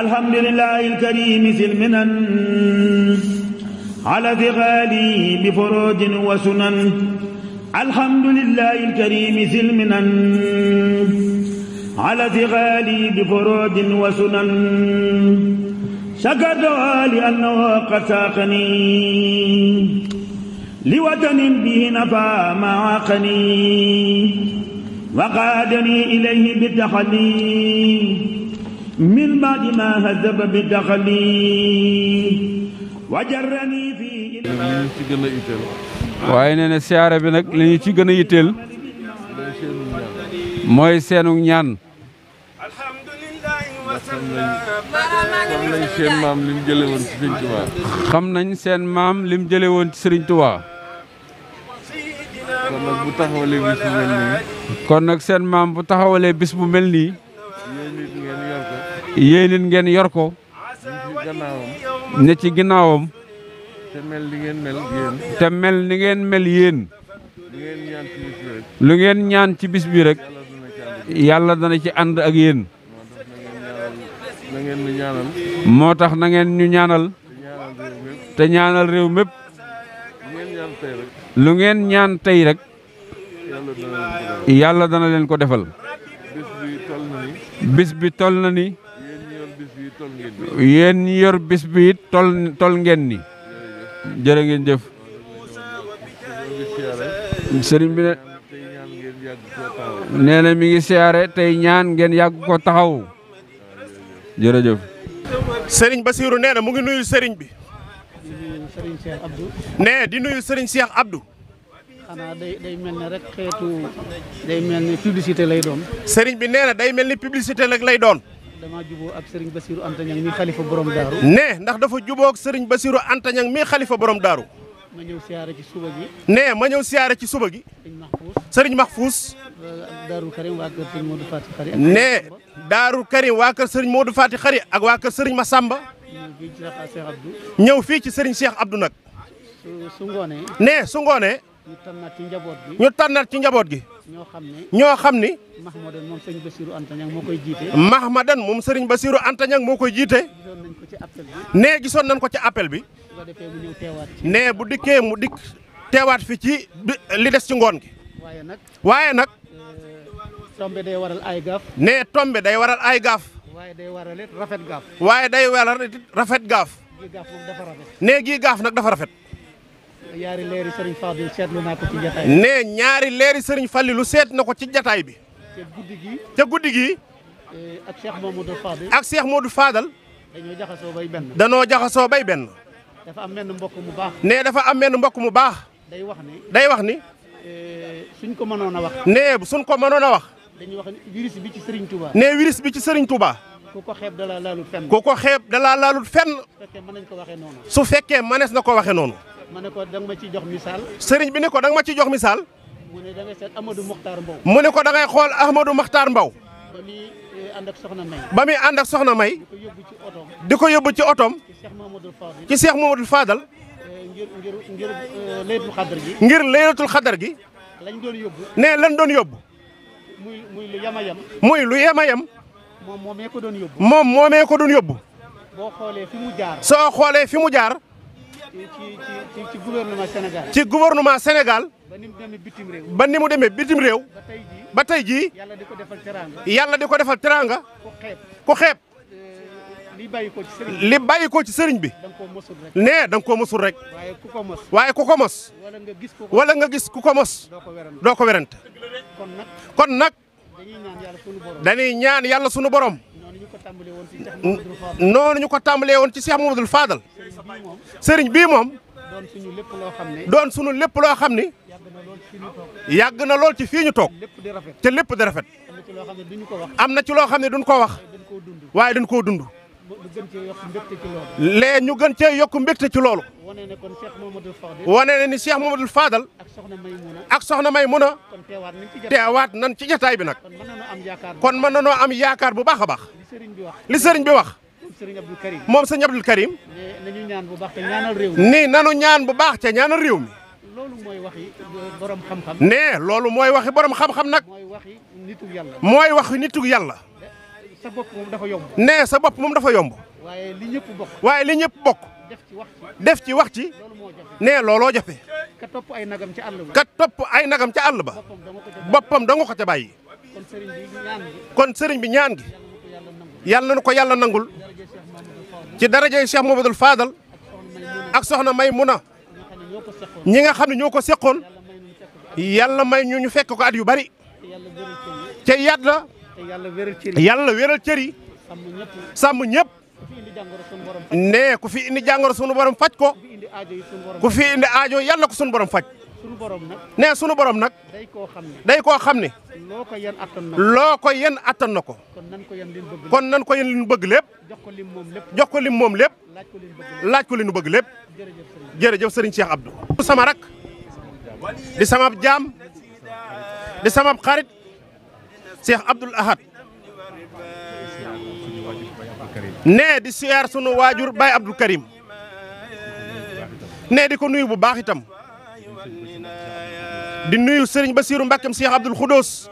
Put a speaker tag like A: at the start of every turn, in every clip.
A: alhamdulillahi alkarimi fi lminan ala digali bi forojin wa sunan alhamdulillahi alkarimi fi lminan ala digali bi forojin wa sunan شكرتها لأنه قد ساقني
B: لوطن به نفى ما عاقني
A: وقادني إليه بالتحلي min baadi ma hadaba bi daxali wajarani fi. li
C: ñu ci gën a yitteel. waaye nee na siyaare bi nag li ñu ci gën a yitteel. mooy seenu ñaan. xam nañ seen maam lim jëlee woon ci Serigne Touba. xam nañ seen maam lim jëlee woon ci Serigne Touba. kon nag bu taxawalee bis bu mel nii. yéen ngeen yor ko ne ci ginnaawam te mel ni ngeen mel te mel ni ngeen mel yéen lu ngeen ñaan ci bis bi rek yàlla dana ci ànd ak yéen moo tax na ngeen ñu ñaanal te ñaanal réew mépp lu ngeen ñaan tey rek yàlla dana leen ko defal bis bi toll na ni yen ñi yor bis bi tol tol ngeen ni jërë ngeen jëf sëriñ bi ne nee na mi ngi siyaare tey ñaan ngeen yàgg ko taxaw jërëjëf
A: sëriñ Basiiru nee na mu ngi nuyu sëriñ bi nee di nuyu sëriñ Cheikh Abdou
B: xanaa day mel ne rek xeetu
A: day mel ni publicité lay doon sëriñ bi nee na day mel ni publicité rek lay doon damaa juboo ak Serigne Bassirou Antañang mi xalifa borom daaru. ne ndax dafa juboo ak Serigne Bassirou Antañang mi xalifa borom daaru.
B: ma ñëw siyaare ci suba gi.
A: ne ma ñëw siyaare ci suba gi. Serigne Mahfous.
B: Daaru Karim waa kër Serigne Modou Fati Xari.
A: Daaru Karim waa kër Serigne Modou Xari ak waa kër Serigne Massamba. ñëw fii ci Serigne Cheikh Abdou nag.
B: su su ngoonee. ne ñu tànnaat ci njaboot gi. ñoo xam ne. ñoo xam ni. Mahmadan moom Serigne Bassirou Anta Niang moo koy jiite. Mahmadan moom Serigne Bassirou Anta
A: Niang moo koy jiite. gisoon ci appel bi. nee gisoon nañ ko ci appel bi. nee bu dikkee mu dikk teewaat fi ci li des ci ngoon gi. waaye nag. waaye nag. Euh,
B: tombe day waral ay gaaf.
A: nee tombe day waral ay gaaf.
B: waaye day waral it rafet gaaf.
A: waaye day waral rafet gaaf. nee gii gaaf nag dafa rafet. ñaari leeri Serigne Fallou seetlu naa ko ci jataay bi. nee ñaari leeri Serigne Fallou seet na ko ci jataay bi. ca guddi gi ca guddi gi. Eh, ak Cheikh Modou Fadal. ak Cheikh Modou Fadal.
B: dañoo jaxasoo bay benn. danoo
A: jaxasoo bay benn.
B: dafa am benn mbokk mu baax.
A: nee dafa am benn mbokk mu baax. day wax ni day wax ni. Eh, suñ ko
B: mënoon a wax. nee
A: suñ ko mënoon a wax.
B: dañuy wax ni virus bi ci Serigne Touba. nee virus
A: bi ci Serigne Touba.
B: ku ko xeeb dalaa laalut fenn. ku ko xeeb dalaa laalut fenn. su
A: fekkee mënees na ko waxee noonu. su fekkee mënees na ko waxee noonu.
B: ma ne ko ma ciy jox misaal.
A: sëriñ bi ne ko danga ma ciy jox misaal.
B: mu ne dangay seet Amadou Mokhtar Mbow. ne
A: ko dangay xool Amadou Mokhtar Mbow.
B: ba muy eh, ànd ak soxna May. ba muy ànd ak soxna May. di ko yóbbu ci otoom. di ko yóbbu ci otoom. ci Cheikh Mamadou Fadal. ci Cheikh
A: Mamadou Fadal. Eh,
B: ngir ngir ngir eh, laylatul xadar gi. ngir
A: laylatul xadar gi.
B: lañ doon yóbbu. ne lan doon yóbbu. muy lu yem a yem. muy lu yem a yem.
A: moom moomee ko doon yóbbu.
B: boo xoolee fi mu jaar. soo
A: xoolee fi mu jaar.
B: ci gouvernement Sénégal. ci gouvernement Sénégal. ni mu demee bitim réew. ba ni mu demee bitim réew. ba tey jii. yàlla di ko defal teraanga. yàlla di ko defal teraanga. ku xeeb ku xeeb. Eh, li bàyyi ci sëriñ bi bàyyi ko ci sëriñ bi. da koo mosul rek. nee da koo mosul rek. waaye ku ko mos. waaye ku ko mos. wala nga gis ku ko mos wala
A: nga gis ku ko mos. doo ko werante. kon nag. kon nag. dañuy ñaan yàlla ñaan yàlla sunu borom. noonu ñu ko tàmbalee woon ci Cheikh Mamadou Fadal sëriñ bii moom doon suñu lépp loo xam ne doon suñu lépp loo xam ne yàgg na lool ci fii ñu toog te lépp di rafet am na ci loo xam ne duñ ko wax waaye dañ koo dund lee ñu gën cee yokk mbégte ci loolu. wane
B: ne kon Cheikh Mamadou Fadal. wane ne ni Cheikh
A: Mamadou Fadal. ak soxna Maymuna. ak soxna Maymuna. teewaat nan ci jataay bi nag. kon mën nanoo am yaakaar bu baax a baax. li sëriñ bi wax. moom sëriñ Abdul Karim.
B: ni nanu ñaan bu baax te ñaanal réew mi. ni
A: nanu ñaan bu baax te ñaanal réew mi.
B: loolu mooy waxi borom xam-xam. nee
A: loolu mooy waxi borom xam-xam nag. mooy
B: waxi nitu yàlla. mooy waxi nitu yàlla. sa bopp dafa yomb.
A: nee sa bopp moom dafa yomb. waaye li ñëpp bokk. def ci wax ci def ci wax ci. nee looloo jafe.
B: ka topp ay nagam ca àll
A: ba. ay nagam ca àll ba. boppam da ko ca bàyyi. kon sëriñ bi ñaan gi. kon sëriñ bi ko yàlla nangul. ci darajay Cheikh Mouhamadoul Fadal. ak soxna May Muna. ñi nga xam ne ñoo ko seqoon. yàlla may ñu ñu fekk ko at yu bari. ca yàlla.
B: yàlla wéral cër yi
A: sàmm ñëpp nee ku fi indi jàngoro sunu borom faj ko ku fi indi aajo yàlla ko sunu borom faj nee sunu borom nag day koo xam ne loo ko yen attan na ko loo ko yen attan na ko kon nan ko yen li ñu bëgg lépp jox ko lim moom lépp laaj ko li ñu bëgg lépp jërëjëf sëriñ Cheikh Abdou. sama rak di sama jaam di sama xarit. Cheikh Abdoul Ahad nee di siyaar sunu waajur baay Abdou Karim nee di ko nuyu bu baax itam di nuyu Serigne Bassirou Mbackeem Cheikh Abdoul Khoudous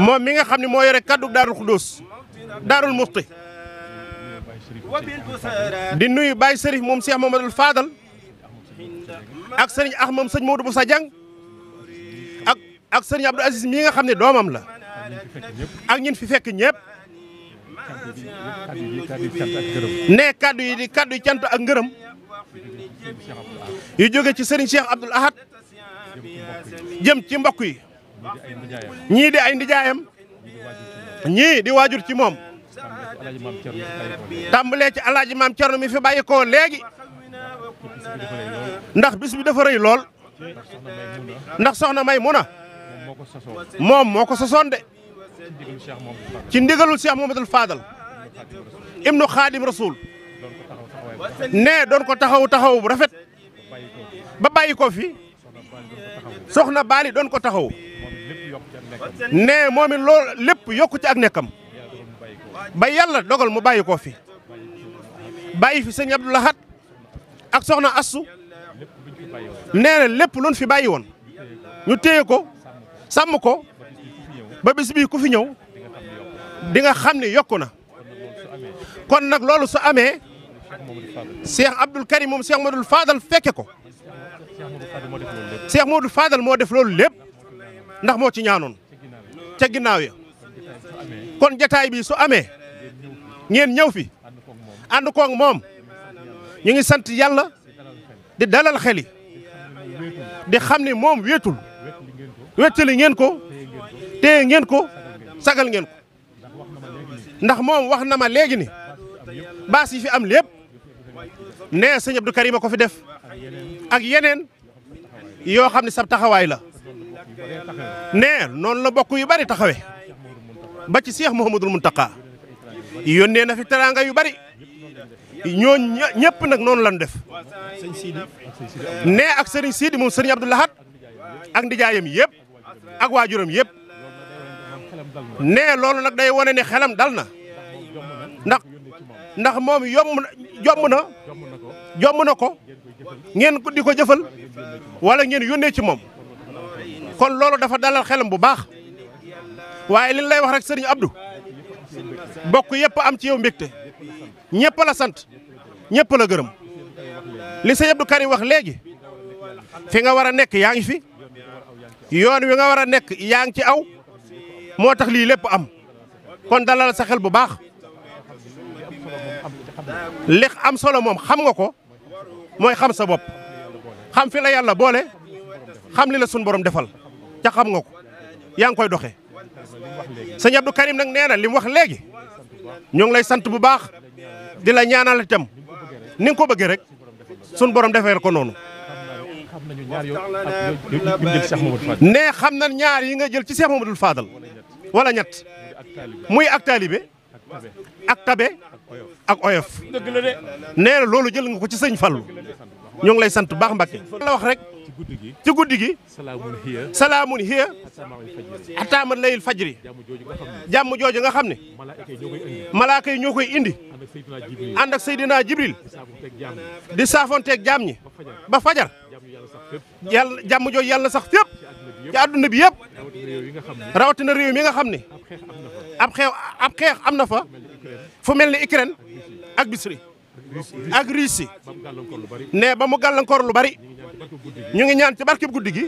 A: moo mi nga xam ni moo yore kaddu Daarul Khoudous Daarul Muxti di nuyu Baye Serigne moom Cheikh Mamadou Fadal ak sëriñ Ax moom sëñ Modou Moussa Diang ak sëriñ Abdou Aziz mii nga xam ne doomam la ak ñun fi fekk ñëpp ne kaddu yi di kaddu yi cant ak ngërëm yu jóge ci sëriñ Cheikh Abdoul Ahad jëm ci mbokk yi ñii di ay ndijaayam ñii di waajur ci moom tàmbalee ci alaaji maam Cerno mi fi bàyyi ko léegi ndax bis bi dafa lool ndax soxna may muna moom moo ko sosoon de ci ndigalul Cheikh Mouhamadoul Fadal ibnu Xaadim Rasul nee doon ko taxaw taxaw bu rafet ba bàyyi ko fi soxna Baali doon ko taxaw nee moom it loolu lépp yokku ci ak nekkam ba yàlla dogal mu bàyyi ko fi bàyyi fi sëñ Abdou ak soxna Assu nee lépp luñ fi bàyyi woon ñu téye ko. sàmm ko ba bis bii ku fi ñëw di nga xam ne yokku na kon nag loolu su amee Cheikh Abdoul Karim moom Cheikh Modou Fadal fekke ko Cheikh Modou Fadal moo def loolu lépp ndax moo ci ñaanoon ca ginnaaw ya kon jataay bi su amee ngeen ñëw fi ànd koog moom ñu ngi sant yàlla di dalal xel di xam ne moom wéetul wettali ngeen ko téye ngeen ko sagal ngeen ko ndax moom wax na ma léegi ni baa yi fi am lépp nee sëñ Abdou Karim ko fi def ak yeneen yoo xam ne sab taxawaay la nee noonu la bokk yu bari taxawe ba ci Cheikh Mouhamadul Mountakha yónnee na fi teraanga yu bari ñooñu ñëpp nag noonu lan def nee ak sëriñ Sidi moom sëriñ Abdou Lahad ak ndijaayam yëpp. ak waajuram yëpp nee loolu nag day wane ne xelam dal na ndax ndax moom yomb na jomb na jomb na ko ngeen di ko jëfal wala ngeen yónnee ci moom kon loolu dafa dalal xelam bu baax waaye li lay wax rek sëriñ Abdou bokk yëpp am ci yow mbégte ñëpp la sant ñëpp la gërëm li sëriñ Abdou Karim wax léegi fi nga war a nekk yaa ngi fi. yoon wi nga war a nekk yaa ngi ci aw moo tax lii lépp am kon dalal sa xel bu baax li am solo moom xam nga ko mooy xam sa bopp xam fi la yàlla boole xam li la sun borom defal ca xam nga ko yaa ngi koy doxee. sëñ Abdou Karim nag nee na li mu wax léegi ñoo ngi lay sant bu baax di la ñaanal itam ni ko bëggee rek sun borom defee ko noonu. ne xam na ñaar yi nga jël ci Cheikh Mamadou Fadal wala ñett muy ak taalibe ak tabe ak oyof nee na loolu jël nga ko ci sëñ Fallou ñoo ngi lay sant baax Mbàkke la wax rek ci guddi gi salaamun hiya hatta ma layil fajri jàmm jooju nga xam ne malaaka yi ñoo koy indi ànd ak Seydina Jibril di saafonteeg jaam ñi ba fajar yàlla jàmm jooju yàlla sax fépp ci àdduna bi yëpp rawatina réew mi nga xam ne ab xeex ab xeex am na fa fu mel ni Ukraine ak Bisri ak Russie ne ba mu gàllankoor lu bari ñu ngi ñaan ci barkeb guddi gi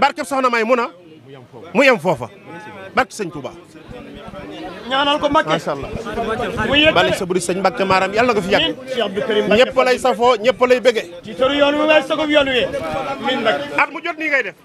A: barkeb soxna May mun a mu yem foofa barke sëñ Touba. ñaanal ko Mbacke macha allah. bala sa buri sëñ Mbacke maaram yàlla na ko fi yàgg. ñëpp lay safoo ñëpp lay bëggee. ci turu yoon wi may yoon wi. min Mbacke at mu jot nii ngay def.